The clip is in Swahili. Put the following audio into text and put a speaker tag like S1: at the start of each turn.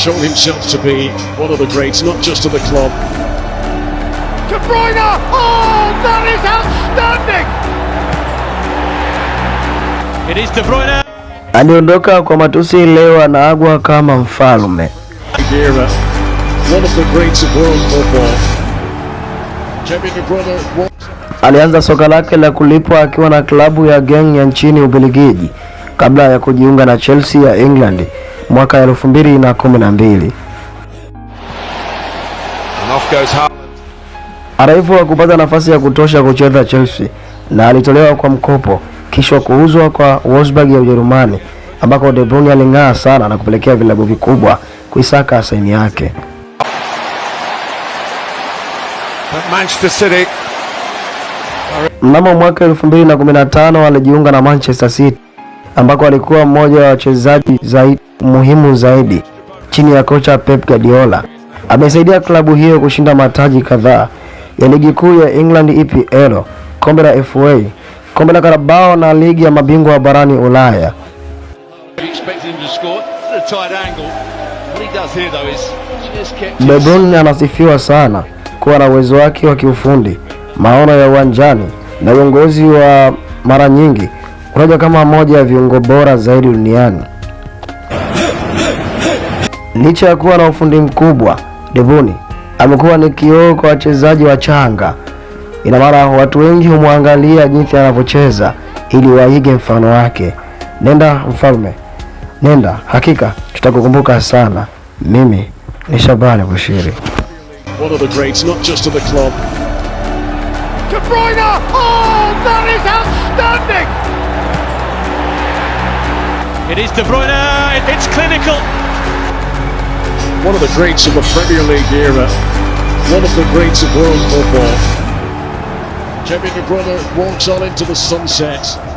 S1: shown himself to be one of the greats, not just of the club.
S2: De Bruyne! Oh, that is outstanding! It is De Bruyne.
S3: Aliondoka kwa matusi leo, anaagwa kama mfalme.
S1: One of the greats of world football. Kevin De Bruyne
S3: alianza soka lake la kulipwa akiwa na klabu ya Genk ya nchini Ubelgiji kabla ya kujiunga na Chelsea ya England mwaka 2012. Araifu kupata nafasi ya kutosha kucheza Chelsea na alitolewa kwa mkopo kisha kuuzwa kwa Wolfsburg ya Ujerumani ambako De Bruyne aling'aa sana na kupelekea vilabu vikubwa kuisaka saini yake. Mnamo mwaka 2015 alijiunga na Manchester City ambako alikuwa mmoja wa wachezaji zaidi muhimu zaidi chini ya kocha Pep Guardiola. Amesaidia klabu hiyo kushinda mataji kadhaa ya ligi kuu ya England EPL, kombe la FA, kombe la Carabao na ligi ya mabingwa barani Ulaya. De anasifiwa sana kuwa na uwezo wake wa kiufundi, maono ya uwanjani na uongozi wa mara nyingi Unajua kama moja ya viungo bora zaidi duniani. Licha ya kuwa na ufundi mkubwa, De Bruyne amekuwa ni kioo kwa wachezaji wachanga. Ina maana watu wengi humwangalia jinsi anavyocheza ili waige mfano wake. Nenda mfalme, nenda, hakika tutakukumbuka sana. Mimi ni Shabani Bushiri.
S1: One of the greats, not just of the club.
S2: De Bruyne! Oh, that is outstanding! It is De Bruyne. It's clinical.
S1: One of the greats of the Premier League era. One of the greats of world football. Kevin De Bruyne walks on into the sunset.